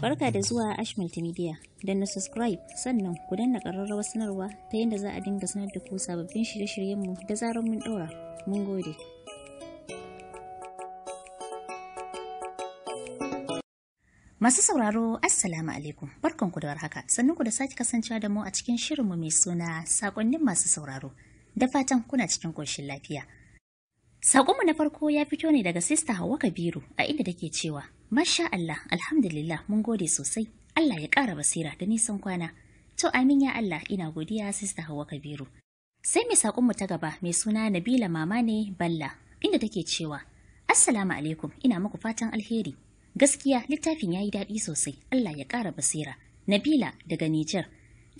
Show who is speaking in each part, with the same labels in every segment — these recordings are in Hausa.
Speaker 1: Barka da zuwa Ash Multimedia. Don na subscribe sannan ku danna ƙararrawar sanarwa ta yadda za a dinga sanar da ku sababbin shirye-shiryenmu da zarar mun ɗora. Mun gode. Masu sauraro, Assalamu alaikum. barkan ku da haka, Sannan ku da sake kasancewa da mu a cikin shirinmu mai suna sakonnin masu sauraro. Da fatan kuna cikin ƙoshin lafiya. Saƙonmu na farko ya fito ne daga Sista Hauwa Kabiru a inda take cewa Masha Allah, alhamdulillah mun gode sosai. Allah ya ƙara basira da nisan kwana. To amin ya Allah ina godiya sista Hauwa Kabiru. Sai mai saƙonmu ta gaba mai suna Nabila Mama ne Balla inda take cewa Assalamu alaikum ina muku fatan alheri. Gaskiya littafin ya yi daɗi sosai Allah ya ƙara basira. Nabila daga Nijar.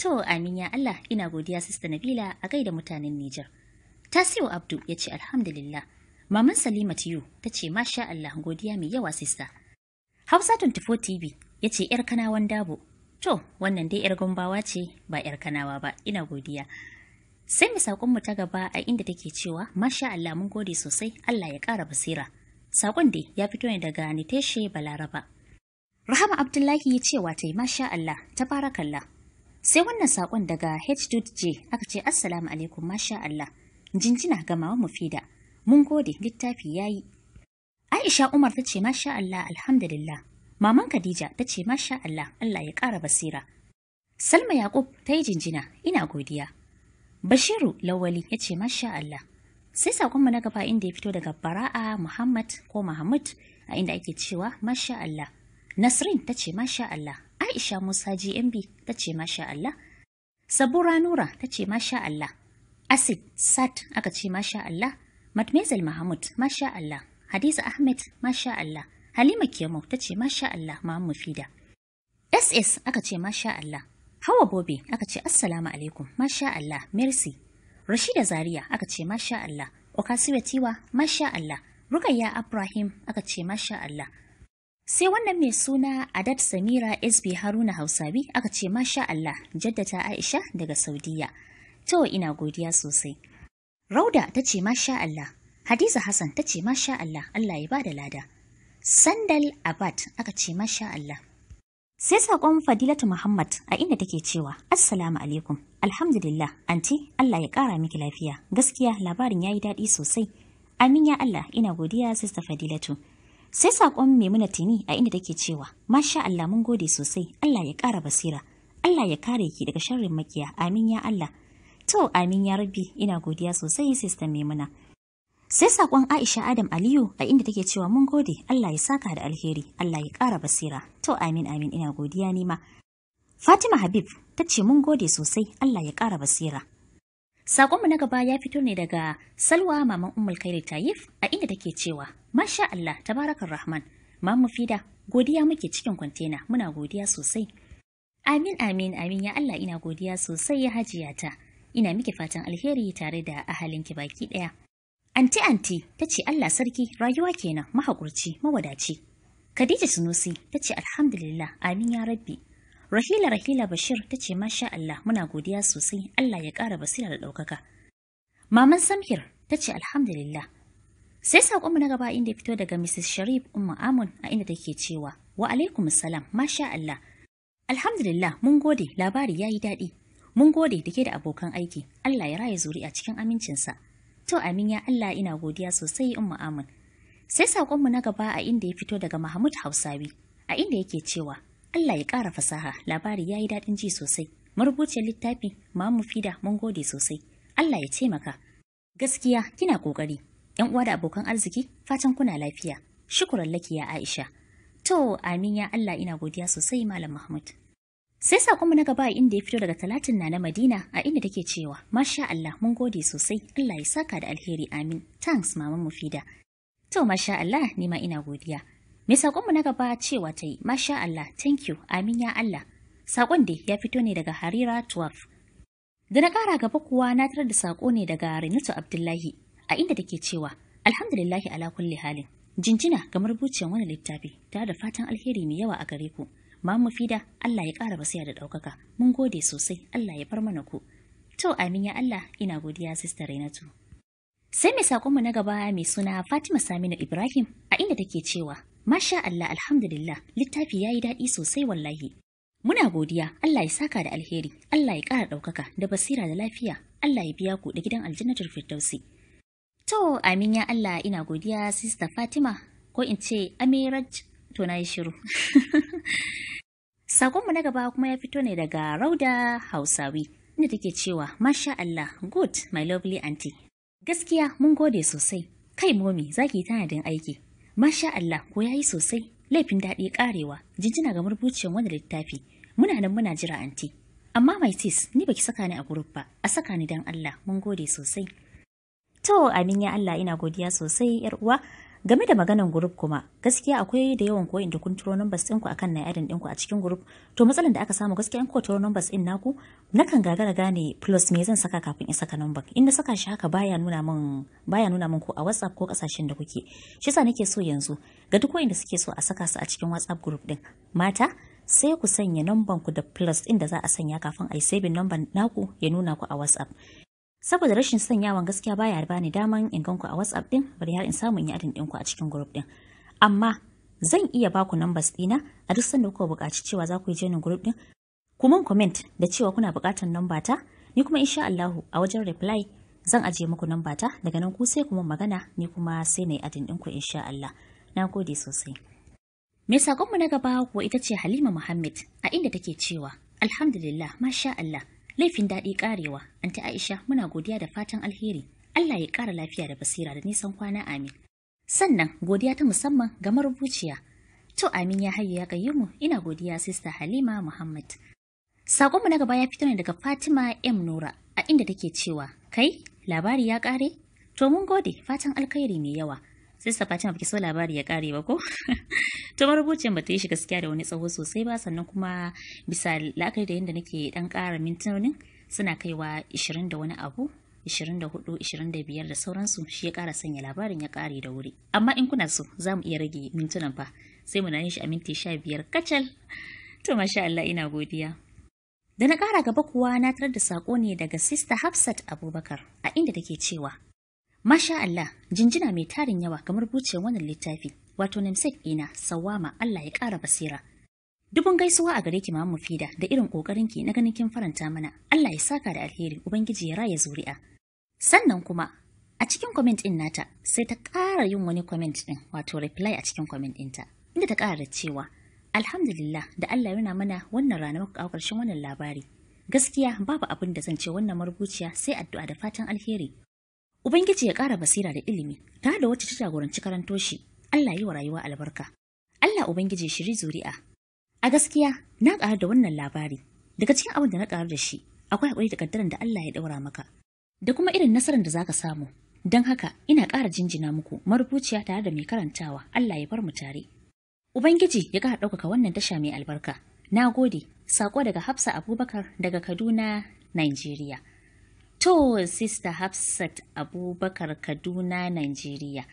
Speaker 1: To amin ya Allah ina godiya sista Nabila a gaida mutanen Nijar. Tasiu Abdu ya ce alhamdulillah. Maman Salima Tiyu ta ce masha Allah godiya mai yawa sista. Hausa 24 TV ya ce ‘yar kanawan dabo. To, wannan dai ‘yar gombawa ce ba ‘yar kanawa ba, ina godiya. Sai mu saƙonmu ta gaba a inda take cewa, Masha Allah mun gode sosai, Allah ya ƙara basira. Saƙon dai ya fito ne daga Niteshe Balaraba. Rahama Abdullahi ya ce wata Masha Allah, ta fara kalla. Sai wannan saƙon daga h aka ce Assalamu alaikum Masha Allah. Jinjina ga Mawa Fida, Mun gode littafi ya yi. Aisha Umar ta ce masha Allah alhamdulillah. Maman Khadija ta ce masha Allah Allah ya ƙara basira. Salma yaƙub ta yi jinjina ina godiya. Bashiru Lawali ya ce masha Allah. Sai saƙonmu na gaba inda ya fito daga Bara'a Muhammad ko Muhammad a inda ake cewa masha Allah. Nasrin ta ce masha Allah. Aisha Musa GMB ta ce masha Allah. Sabura Nura ta ce masha Allah. Asid Sat aka ce masha Allah. Matmezal Mahmud masha Allah. Hadiza Ahmed, masha Allah. Halima kemo ta ce masha Allah Mamu Fida. SS aka ce masha Allah. Hawa Bobi aka ce Assalamu alaikum masha Allah Mercy. Rashida Zaria aka ce masha Allah. Okasiwa Tiwa masha Allah. Rukayya Ibrahim aka ce masha Allah. Sai wannan mai suna Adat Samira SB Haruna hausabi aka ce masha Allah jaddata Aisha daga Saudiya. To ina godiya sosai. Rauda ta ce masha Allah Hadiza Hassan ta ce masha Allah, Allah ya ba da lada. Sandal Abad aka ce masha Allah. Sai saƙon Fadilatu Muhammad a inda take cewa Assalamu alaikum, alhamdulillah, anti Allah ya ƙara miki lafiya, gaskiya labarin ya yi daɗi sosai. Amin ya Allah, ina godiya Sista Fadilatu. Sai saƙon Maimuna Tini a inda take cewa Masha Allah mun gode sosai, Allah ya ƙara basira, Allah ya kare ki daga sharrin makiya, amin ya Allah. To, amin ya rabbi, ina godiya sosai Sista Maimuna. Sai sakon Aisha Adam Aliyu a inda take cewa mun gode Allah ya saka da alheri, Allah ya ƙara basira. To amin amin ina godiya nima. Fatima Habib ta ce mun gode sosai Allah ya ƙara basira. sakon mu na gaba ya fito ne daga Salwa Maman Ummul Khairi Tayif a inda take cewa Masha Allah tabarakar Rahman Mamu Fida godiya muke cikin kwantena muna godiya sosai. Amin amin amin ya Allah ina godiya sosai ya hajiya ta, Ina miki fatan alheri tare da ahalinki baki ɗaya. Anti anti ta ce Allah sarki rayuwa kenan mahaƙurci mawadaci. Khadija Sunusi ta ce alhamdulillah amin ya rabbi. Rahila Rahila Bashir ta ce masha Allah muna godiya sosai Allah ya ƙara basira da ɗaukaka. Maman Samhir ta ce alhamdulillah. Sai mu na gaba inda fito daga Mrs. Sharif Umma Amun a inda take cewa wa alaikum salam masha Allah. Alhamdulillah mun gode labari ya yi daɗi. Mun gode da ke da abokan aiki Allah ya raya zuri a cikin amincinsa. To amin ya Allah ina godiya sosai mu mu'amun. Sai saƙonmu na gaba a inda ya fito daga Mahmud Hausawi, a inda yake cewa Allah ya ƙara fasaha labari ya yi daɗin ji sosai. Marubuciyar littafi Mamu Fida mun gode sosai. Allah ya taimaka. Gaskiya kina ƙoƙari. ‘Yan uwa da abokan arziki fatan kuna lafiya. Shukuran laki ya Aisha. To amin ya Allah ina godiya sosai Malam Mahmud. Sai mu na gaba inda ya fito daga talatin na na Madina a inda take cewa, Masha Allah mun gode sosai, Allah ya saka da alheri amin. Thanks mama Mufida. To Masha Allah ni ma ina godiya. Mai sakonmu na gaba cewa ta yi, Masha Allah, thank you, amin ya Allah. Saƙon dai ya fito ne daga Harira 12. Da na ƙara gaba kuwa na tarar da sako ne daga Renatu Abdullahi a inda take cewa, Alhamdulillahi ala kulli halin. Jinjina ga marubuciyan wani littafi tare da fatan alheri mai yawa a gare ku. Ma mu Fida, Allah ya ƙara basira da ɗaukaka. Mun gode sosai, Allah ya bar mana ku. To amin ya Allah, ina godiya sista Rainatu. Sai mai saƙonmu na gaba mai suna Fatima Saminu Ibrahim a inda take cewa, Masha Allah alhamdulillah, littafi ya yi daɗi sosai wallahi. Muna godiya, Allah ya saka da alheri, Allah ya ƙara ɗaukaka da basira da lafiya, Allah ya biya ku da gidan aljannatul Firdausi. To, amin ya Allah ina godiya Sista Fatima ko in ce Amiraj to na yi shiru. Sakonmu na gaba kuma ya fito ne daga Rauda Hausawi, inda take cewa, Masha Allah, good, my lovely auntie. Gaskiya mun gode sosai, kai momi zaki tanadin aiki. Masha Allah, ko ya yi sosai, laifin daɗi ƙarewa, jinjina ga murbuciyar wani littafi. Muna nan muna jira anti. Amma mai sis, ni baki saka ni a guruf ba, a saka ni dan Allah, mun gode sosai. To, amin ya Allah ina godiya sosai yar uwa game da maganan group kuma gaskiya akwai da yawan koyin da kun turo numbers din ku akan na din ku a cikin group to matsalan da aka samu gaskiya an ko turo numbers din naku nakan gagara gane plus me zan saka kafin in saka number inda saka shi haka baya nuna min baya nuna min ko a WhatsApp ko kasashen da kuke shi yasa nake so yanzu ga duk wanda suke so a saka su a cikin WhatsApp group din mata sai ku sanya number ku da plus din da za a sanya kafin ai saving namban naku ya nuna ku a WhatsApp saboda rashin sanyawan gaskiya baya bani daman in ganku a WhatsApp din bari har in samu in yi adin dinku a cikin group din amma zan iya baku numbers dina a duk sanda kuka buƙaci cewa za ku yi jenin group din ku mun comment da cewa kuna buƙatar number ta ni kuma insha Allahu a wajen reply zan ajiye muku namba ta daga nan ku sai kuma magana ni kuma sai na yi adin dinku insha Allah. Na gode sosai. Mai sakonmu na gaba kuwa ita ce Halima Muhammad a inda take cewa Alhamdulillah masha Allah Laifin daɗi ƙarewa, anti Aisha muna godiya da fatan alheri. Allah ya ƙara lafiya da basira da nisan kwana amin. Sannan godiya ta musamman ga marubuciya. To amin ya hayya ya kayyumu ina godiya sista Halima Muhammad. mu na gaba ya fito ne daga Fatima M Nura a inda take cewa kai labari ya ƙare? To mun gode fatan alkhairi mai yawa. sista fatima baki so labari ya kare ba ko to marubucin bata yi shi gaskiya da wani tsawo sosai ba sannan kuma bisa la'akari da yadda nake dan kara mintunonin suna kaiwa 20 da wani abu 24, 25 da sauransu shi ya kara sanya labarin ya kare da wuri. Amma in kuna so za mu iya rage mintunan fa sai mu nane shi a minti 15 kacal. To masha Allah ina godiya. Da na kara gaba kuwa na tarar da sako ne daga Sista Hafsat Abubakar a inda take cewa Masha Allah, jinjina mai tarin yawa kamar buciyar wannan littafi, wato namsek ina, sawama Allah ya ƙara basira. Dubun gaisuwa a gare ki Mamu Fida da irin ƙoƙarin ki na ganin kin faranta mana. Allah ya saka da alheri, Ubangiji ya raya zuri'a. Sannan kuma, a cikin comment ɗin nata, sai ta ƙara yin wani comment ɗin, wato reply a cikin comment ɗinta, inda ta ƙara cewa, Alhamdulillah da Allah yana mana wannan rana muka ƙarshen wannan labari. Gaskiya babu abin da zan ce wannan marubuciya sai addu'a da fatan alheri. Ubangiji ya ƙara basira da ilimi, ta da wacce ta jagoranci karanto shi, Allah yi wa rayuwa albarka. Allah Ubangiji shiri zuri'a. A gaskiya, na ƙara da wannan labari. Daga cikin abin da na ƙara da shi, akwai haƙuri da kaddaran da Allah ya ɗaura maka. Da kuma irin nasarar da za ka samu. Don haka, ina ƙara jinjina muku marubuciya tare da mai karantawa, Allah ya bar mu tare. Ubangiji ya ƙara ɗaukaka wannan tasha mai albarka. Na gode, saƙo daga Hafsa Abubakar daga Kaduna, Nigeria. To, Sista Hafsat Abubakar Kaduna, Najeriya.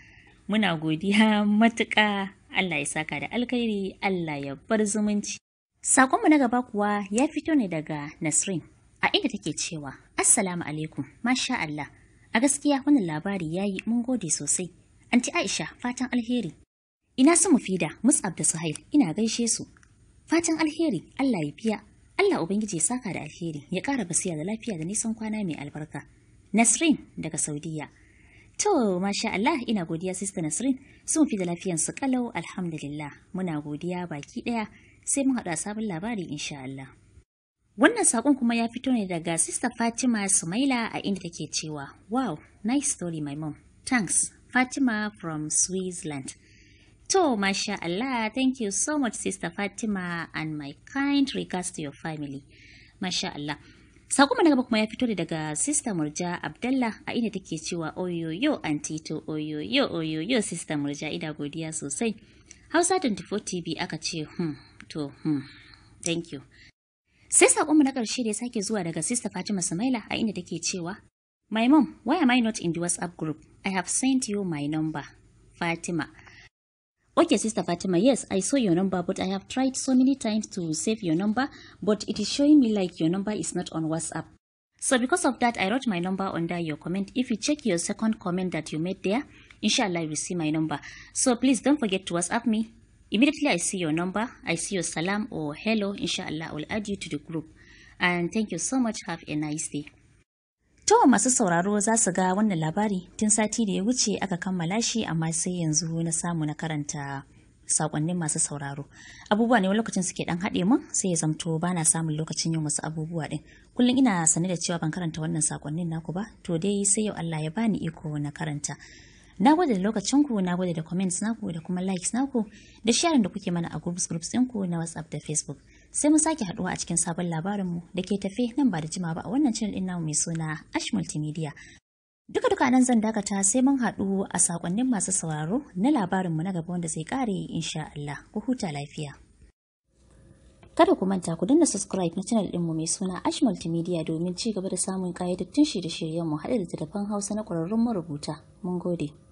Speaker 1: Muna godiya matuƙa Allah ya saka da alkhairi, Allah ya bar zumunci. Sakonmu na gaba kuwa ya fito ne daga Nasrin, a inda take cewa, Assalamu alaikum, masha Allah. A gaskiya wannan labari ya yi mun gode sosai. Anti Aisha, fatan alheri. Ina su mufida, Mus'ab da Suhail, ina gaishe su. Fatan alheri, Allah ya biya, Allah Ubangiji ya saka da alheri ya ƙara basiya da lafiya da nisan kwana mai albarka. Nasrin daga Saudiya. To, masha Allah ina godiya sista Nasrin sun fi da su kalau alhamdulillah muna godiya baki ɗaya sai mun haɗu a sabon labari insha Allah. Wannan saƙon kuma ya fito ne daga Sista Fatima Sumaila a inda take cewa, Wow, nice story my mom. Thanks, Fatima from Switzerland. To, masha Allah, thank you so much, Sister Fatima, and my kind regards to your family. Masha Allah. Sako na gaba kuma ya fito daga Sister Murja Abdallah a inda take cewa oyoyo antito oyoyo oyoyo Sister Murja ina godiya sosai. Hausa 24 TV aka ce hmm to hmm thank you. Sai sako na karshe da ya sake zuwa daga Sister Fatima Samaila a inda take cewa My mom, why am I not in the WhatsApp group? I have sent you my number. Fatima. Okay, Sister Fatima, yes, I saw your number, but I have tried so many times to save your number, but it is showing me like your number is not on WhatsApp. So because of that, I wrote my number under your comment. If you check your second comment that you made there, inshallah, you will see my number. So please don't forget to WhatsApp me. Immediately I see your number, I see your salam or hello, inshallah, I will add you to the group. And thank you so much. Have a nice day. To masu sauraro za su ga wannan labari tun sati da ya wuce aka kammala shi amma sai yanzu na samu na karanta sakonni masu sauraro. Abubuwa ne wani lokacin suke dan haɗe mun sai ya zamto ba na samun lokacin yin wasu abubuwa ɗin. Kullum ina sane da cewa ban karanta wannan sakonnin naku ba to dai sai yau Allah ya bani iko na karanta. Na gode da lokacinku, na gode da comments naku da kuma likes naku da sharing da kuke mana a groups groups ɗinku na WhatsApp da Facebook. sai mu sake haduwa a cikin sabon labarinmu da ke tafe nan ba da jima ba a wannan channel din namu mai suna Ash Multimedia. Duka duka nan zan dakata sai mun haɗu a sakonnin masu sauraro na labarinmu na gaba wanda zai kare insha Allah. Ku huta lafiya. Kada ku manta ku danna subscribe na channel ɗinmu mai suna Ash Multimedia domin ci gaba da samun kayyadattun shirye-shiryenmu haɗa da tafan Hausa na ƙwararrun marubuta. Mun gode.